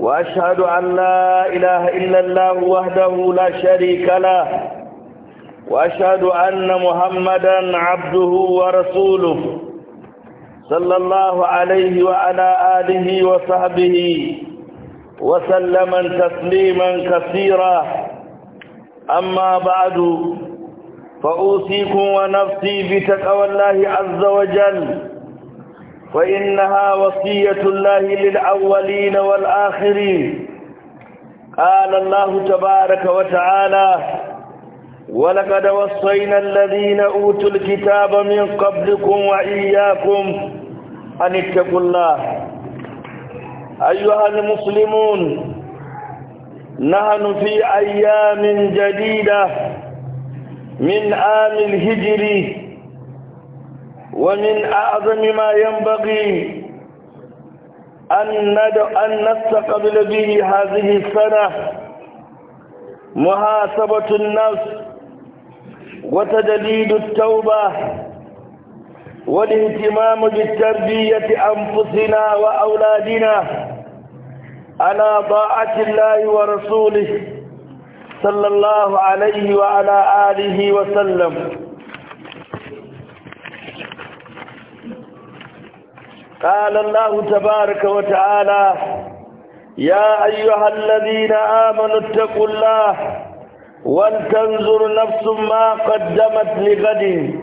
وأشهد أن لا إله إلا الله وحده لا شريك له وأشهد أن محمدا عبده ورسوله صلى الله عليه وعلى آله وصحبه وسلم تسليما كثيرا أما بعد فأوصيكم ونفسي بتقوى الله عز وجل وإنها وصية الله للأولين والآخرين قال الله تبارك وتعالى ولقد وصينا الذين أوتوا الكتاب من قبلكم وإياكم أن اتقوا الله أيها المسلمون نحن في أيام جديدة من عام الهجري ومن أعظم ما ينبغي أن أن نستقبل به هذه السنة محاسبة النفس وتجديد التوبة والاهتمام بالتربية أنفسنا وأولادنا على طاعة الله ورسوله صلى الله عليه وعلى آله وسلم قال الله تبارك وتعالى يا أيها الذين آمنوا اتقوا الله ولتنظر نفس ما قدمت لغد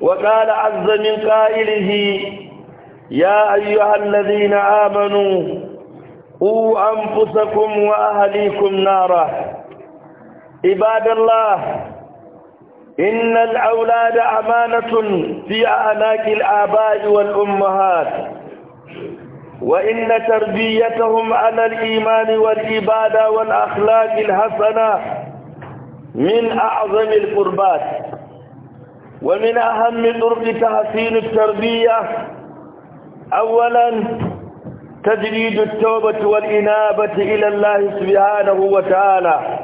وقال عز من قائله يا أيها الذين آمنوا قوا أنفسكم وأهليكم نارا عباد الله إن الأولاد أمانة في أعناق الآباء والأمهات وإن تربيتهم على الإيمان والعبادة والأخلاق الحسنة من أعظم القربات ومن أهم طرق تحسين التربية أولا تجريد التوبة والإنابة إلى الله سبحانه وتعالى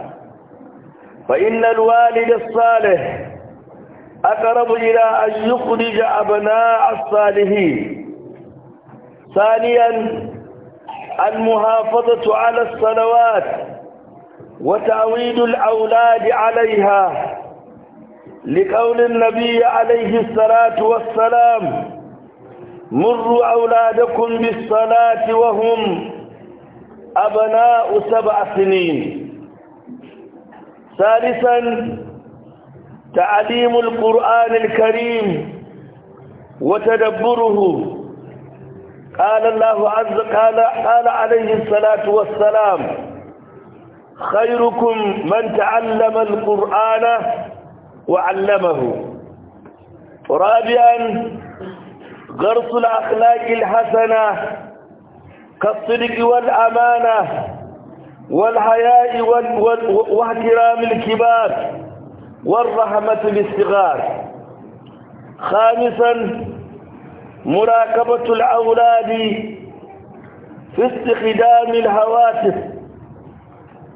فإن الوالد الصالح أقرب إلى أن يخرج أبناء الصالحين ثانيا المحافظة على الصلوات وتعويد الأولاد عليها لقول النبي عليه الصلاة والسلام مروا أولادكم بالصلاة وهم أبناء سبع سنين ثالثا تعليم القرآن الكريم وتدبره قال الله عز قال قال عليه الصلاة والسلام خيركم من تعلم القرآن وعلمه رابعا غرس الأخلاق الحسنة كالصدق والأمانة والحياء واحترام الكبار والرحمة بالصغار خامسا مراقبة الأولاد في استخدام الهواتف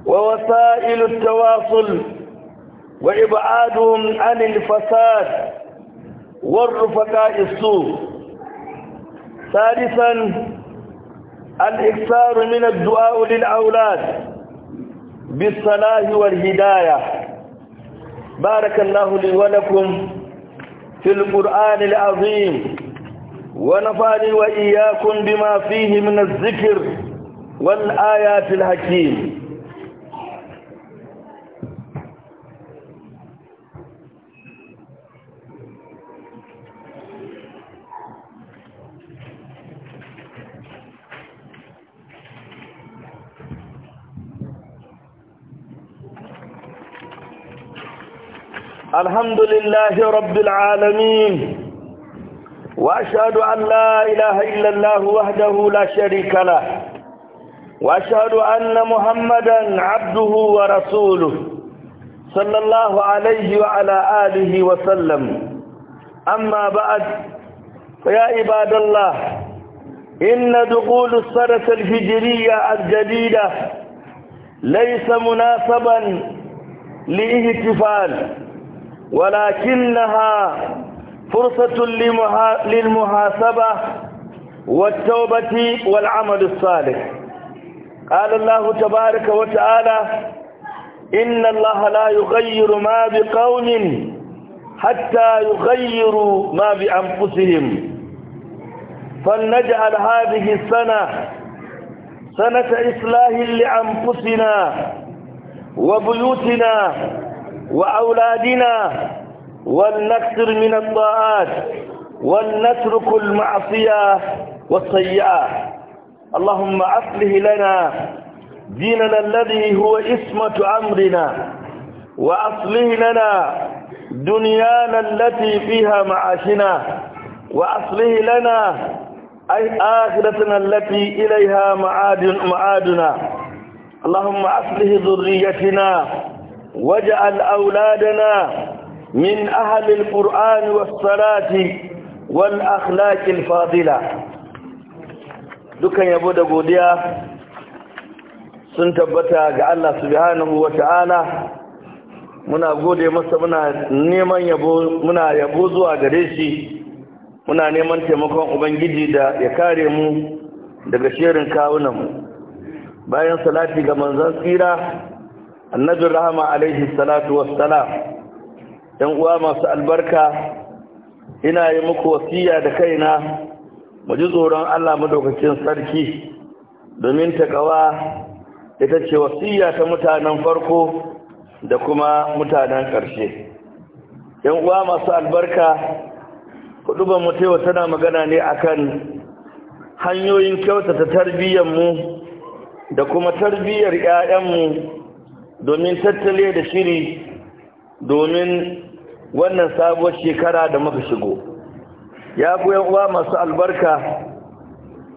ووسائل التواصل وإبعادهم عن الفساد والرفقاء السوء ثالثا الإكثار من الدعاء للأولاد بالصلاة والهداية بارك الله لي ولكم في القرآن العظيم ونفعني وإياكم بما فيه من الذكر والآيات الحكيم الحمد لله رب العالمين وأشهد أن لا إله إلا الله وحده لا شريك له وأشهد أن محمدا عبده ورسوله صلى الله عليه وعلى آله وسلم أما بعد فيا عباد الله إن دخول السنة الهجرية الجديدة ليس مناسبا للاحتفال ولكنها فرصة للمحاسبة والتوبة والعمل الصالح قال الله تبارك وتعالى إن الله لا يغير ما بقوم حتى يغيروا ما بأنفسهم فلنجعل هذه السنة سنة إصلاح لأنفسنا وبيوتنا وأولادنا ولنكثر من الطاعات ولنترك المعصية والسيئات اللهم أصله لنا ديننا الذي هو اسمة أمرنا وأصله لنا دنيانا التي فيها معاشنا وأصله لنا أي آخرتنا التي إليها معادنا اللهم أصله ذريتنا واجعل أولادنا من أهل القرآن والصلاة والأخلاق الفاضلة dukan yabo da godiya sun tabbata ga Allah subhanahu wata'ala muna gode masa muna neman yabo muna yabo zuwa gare shi muna neman taimakon ubangiji da ya kare mu daga shirin kawunan mu bayan salati ga manzon tsira annabin rahama alaihi salatu wassalam yan uwa masu albarka ina yi muku wasiya da kaina mu ji tsoron Allah madaukakin sarki domin taƙawa ita ce wasiya ta mutanen farko da kuma mutanen ƙarshe yan uwa masu albarka kuduban mutewa tana magana ne akan hanyoyin kyautata tarbiyyar mu da kuma tarbiyyar 'ya'yanmu domin tattale da shiri domin wannan sabuwar shekara da muka shigo ya ku uwa masu albarka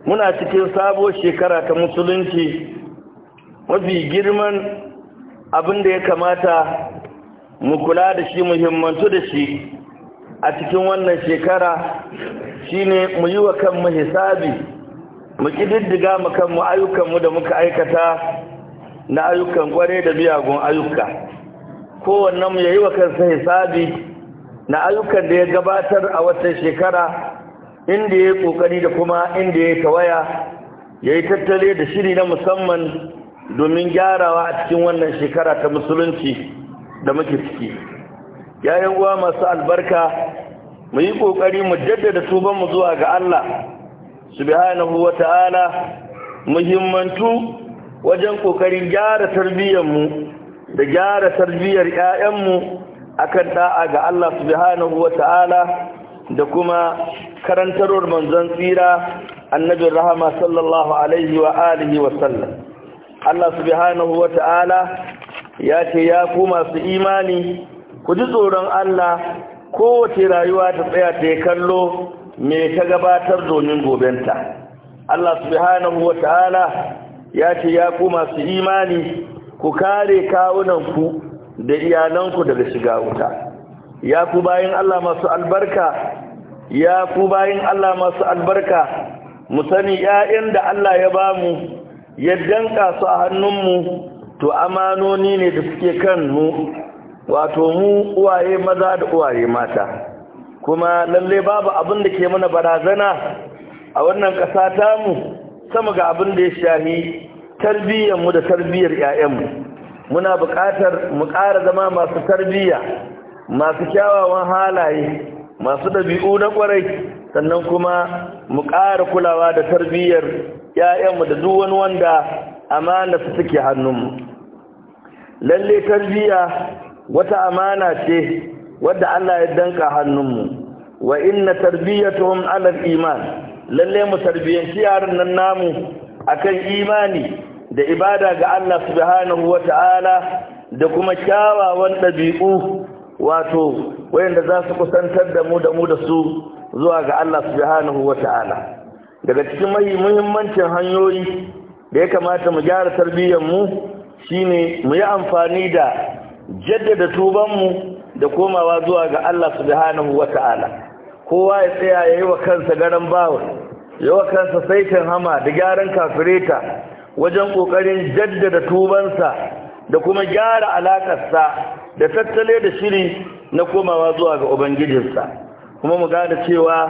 muna cikin sabuwar shekara ta musulunci mafi girman abin da ya kamata mu kula da shi muhimmantu da shi a cikin wannan shekara shine mu yi wa kanmu hisabi mu ƙididdiga mu kanmu ayyukanmu da muka aikata na ayyukan kware da biyagun ayyuka kowannen ya yi wa kansa hisabi na ayyukan da ya gabatar a watan shekara inda ya yi kokari da kuma inda ya yi tawaya ya yi tattale da shiri na musamman domin gyarawa a cikin wannan shekara ta musulunci da muke ciki yayin uwa masu albarka mu yi kokari mu jaddada mu zuwa ga Allah subhanahu wata'ala muhimmantu wajen kokarin gyara mu da gyara tarbiyyar ƴaƴanmu akan da'a ga Allah subhanahu ta'ala da kuma karantarwar manzon tsira annabi rahama sallallahu alaihi wa alihi wa sallam Allah subhanahu ta'ala ya ce ya ku masu imani ku ji tsoron Allah kowace rayuwa ta tsaya ta yi kallo mai ta gabatar domin gobenta Allah subhanahu ta'ala ya ce ya ku masu imani ku kare kawunanku da iyalanku daga shiga wuta ya ku bayan Allah masu albarka ya ku bayan Allah masu albarka mu sani ƴaƴan da Allah ya bamu ya danka su a hannunmu to amanoni ne da suke mu wato mu uwaye maza da uwaye mata kuma lalle babu abin da ke mana barazana a wannan ƙasa tamu sama ga abin da ya shahi tarbiyyarmu da tarbiyyar 'ya'yanmu muna buƙatar mu ƙara zama masu tarbiyya masu kyawawan halaye masu ɗabi'u na ƙwarai sannan kuma mu ƙara kulawa da tarbiyyar 'ya'yanmu da duk wani wanda amana su suke hannunmu lalle tarbiyya wata amana ce wadda Allah ya danka hannunmu wa inna tarbiyyatu ala iman lalle mu tarbiyanci yaran nan namu akan imani da ibada ga Allah subhanahu ta'ala da kuma kyawawan dabi'u wato wayanda za su kusantar da mu da mu da su zuwa ga Allah subhanahu ta'ala. daga cikin muhimmancin hanyoyi da ya kamata mu gyara tarbiyyar mu shine mu yi amfani da jaddada tuban mu da komawa zuwa ga Allah subhanahu ta'ala. kowa ya tsaya yayi wa kansa garan bawul yawa kansa saitin hama da gyaran kafireta wajen ƙoƙarin jaddada tubansa da kuma gyara alakarsa da tattale da shiri na komawa zuwa ga ubangijinsa kuma mu gane cewa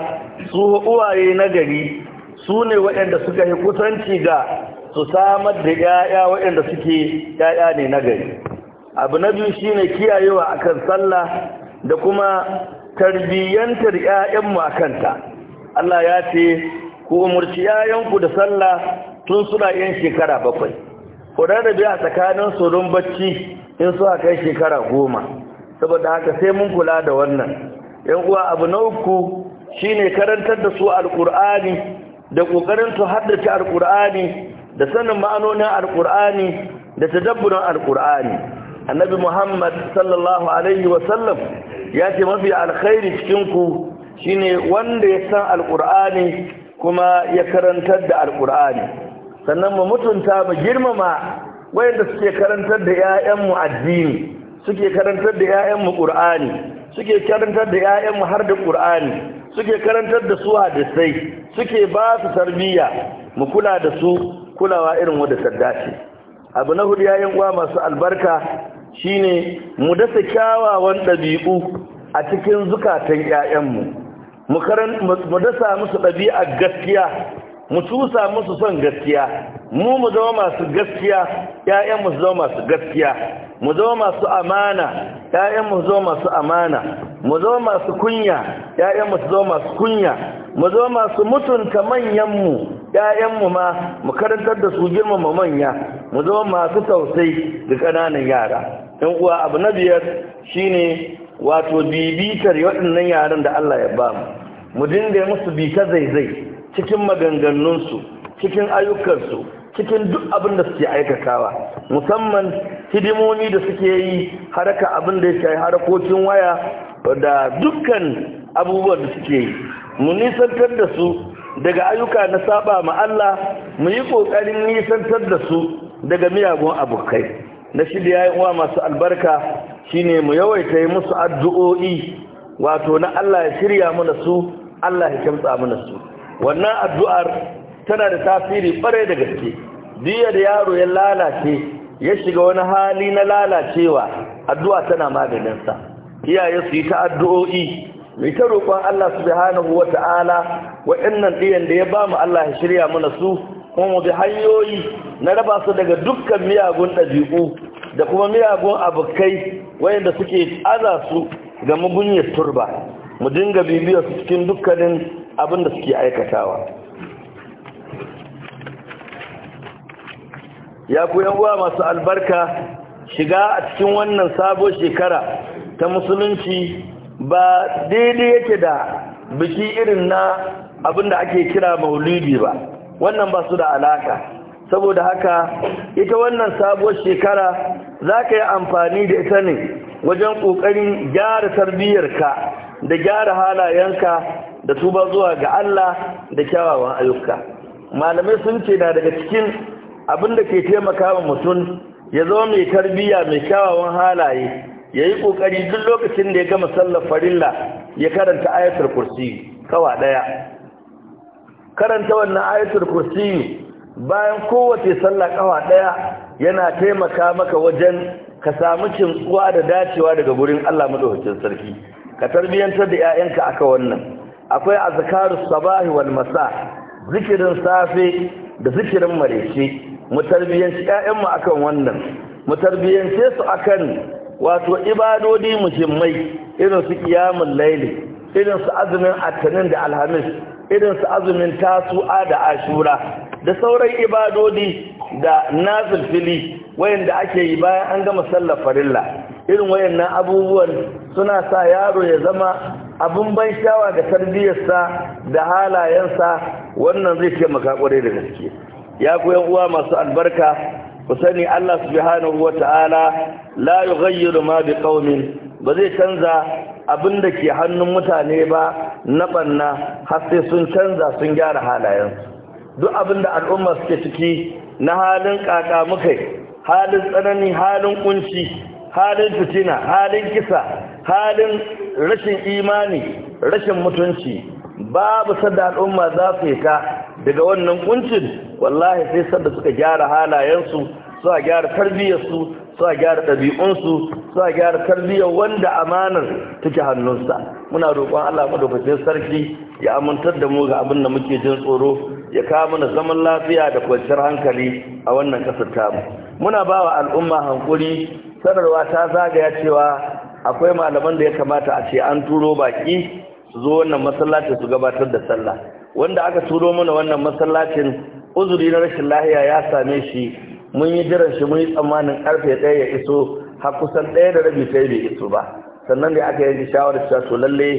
su uwaye na gari su ne waɗanda suka yi kusanci ga su samar da 'ya'ya waɗanda suke 'ya'ya ne na gari abu na biyu shine kiyayewa akan sallah da kuma tarbiyyantar 'ya'yanmu kanta. Allah ya ce ku umurci yayanku da sallah tun suna yin shekara bakwai ku rarrabe a tsakanin tsoron barci, bacci in suka kai shekara goma saboda haka sai mun kula da wannan yan uwa abu na uku shine karantar da su alkur'ani da ƙoƙarin su haddace alkur'ani da sanin ma'anonin alkur'ani da tadabburin alkur'ani annabi muhammad sallallahu alaihi wasallam ya ce mafi alkhairi cikin ku shine wanda ya san alkur'ani kuma ya karantar da alkur'ani sannan mu mutunta mu girmama wayanda suke karantar da 'ya'yanmu addini suke karantar da 'ya'yanmu ƙur'ani suke karantar da 'ya'yanmu har da ƙur'ani suke karantar da su hadisai suke ba su tarbiyya mu kula da su kulawa irin wanda ta abu na hudu yayin uwa masu albarka shine mu dasa kyawawan ɗabi'u a cikin zukatan 'ya'yanmu mu dasa musu ɗabi'a gaskiya mu cusa musu son gaskiya mu mu zama masu gaskiya ƴaƴan mu zama masu gaskiya mu zama masu amana ƴaƴan mu zama masu amana mu zama masu kunya ƴaƴan mu zama masu kunya mu zama masu mutunta manyan mu mu ma mu karantar da su girmama manya mu zama masu tausayi da ƙananan yara ɗan uwa abu na biyar shine wato bibitar waɗannan yaran da Allah ya ba mu mu dinga musu bika zaizai cikin maganganunsu cikin ayyukansu cikin duk abin da suke aikatawa musamman hidimomi da suke yi haraka abin da yake harakokin waya da dukkan abubuwan da suke yi mu nisantar da su daga ayyuka na saba ma Allah mu yi ƙoƙarin nisantar da su daga miyagun abokai na shirya yi uwa masu albarka shine mu yawaita yi musu addu'o'i wato na Allah ya shirya mana su Allah ya kamsa mana su wannan addu'ar tana da tasiri bare da gaske diya da yaro ya lalace ya shiga wani hali na lalacewa addu'a tana sa. iyaye su yi ta addu'o'i mai ta roƙon Allah subhanahu wa ta'ala waɗannan ɗiyan da ya bamu Allah ya shirya mana su kuma mu bi hanyoyi na raba su daga dukkan miyagun ɗabi'u da kuma miyagun abokai wayanda suke aza su ga mugunyar turba mu dinga bibiyar su cikin dukkanin abin da suke aikatawa ya ku uwa masu albarka shiga a cikin wannan sabo shekara ta musulunci ba daidai yake da biki irin na abin ake kira maulidi ba wannan ba su da alaka saboda haka ita wannan sabuwar shekara za ka yi amfani da ita ne wajen ƙoƙarin gyara tarbiyyarka da gyara halayenka da tuba zuwa ga Allah da kyawawan ayyuka malamai sun ce na daga cikin abin da ke taimaka wa mutum ya zama mai tarbiyya mai kyawawan halaye ya yi ƙoƙari duk lokacin da ya gama sallar farilla ya karanta ayatul kursi kawa ɗaya karanta wannan ayatul kursi bayan kowace sallah kawa ɗaya yana taimaka maka wajen ka samu cintsuwa da dacewa daga gurin Allah madaukakin sarki ka tarbiyantar da 'ya'yanka aka wannan akwai azkaru sabahi wal masa zikirin safe da zikirin marece mu tarbiyanci 'ya'yanmu akan wannan mu tarbiyance su akan wato ibadodi muhimmai irin su qiyamul layli irin su azumin atanin da alhamis irin su azumin tasu'a da ashura da sauran ibadodi da nazil fili wayanda ake yi bayan an gama sallar farilla irin wayannan abubuwan suna sa yaro ya zama abin ban shawa ga tarbiyyarsa da halayensa wannan zai taimaka kware da gaske ya yan uwa masu albarka ku sani Allah subhanahu wata'ala la yughayyiru ma bi qaumin ba zai canza abin da ke hannun mutane ba na banna har sai sun canza sun gyara halayensu duk abin da al'umma suke ciki na halin kaka mukai halin tsanani halin kunci halin fitina halin kisa halin rashin imani rashin mutunci babu sadda al'umma za su yi ka daga wannan kuncin wallahi sai sadda suka gyara halayensu a gyara tarbiyyarsu a gyara ɗabi'unsu a gyara tarbiyyar wanda amanar take hannunsa muna roƙon Allah madaukakin sarki ya amintar da mu ga abin da muke jin tsoro ya kawo mana zaman lafiya da kwanciyar hankali a wannan kasar tamu muna ba wa al'umma hankuri sanarwa ta zagaya cewa akwai malaman da ya kamata a ce an turo baki su zo wannan masallacin su gabatar da sallah wanda aka turo mana wannan masallacin uzuri na rashin lahiya ya same shi mun yi jiran shi mun yi tsammanin karfe ɗaya ya iso har kusan ɗaya da rabi sai bai iso ba sannan da aka yanke shawarar cewa to lalle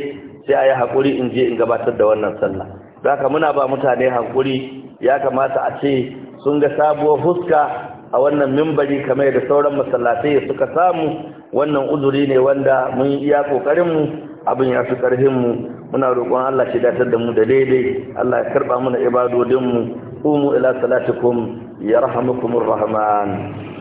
sai a yi haƙuri in je in gabatar da wannan sallah zaka muna ba mutane hankuri ya kamata a ce sun ga sabuwar fuska a wannan mimbari kamar da sauran masallatai suka samu wannan uzuri ne wanda mun iya kokarin abin ya fi karfin muna roƙon Allah shi datar da mu da daidai Allah ya karɓa mana ibadodin mu ila salatikum yarhamukumur rahman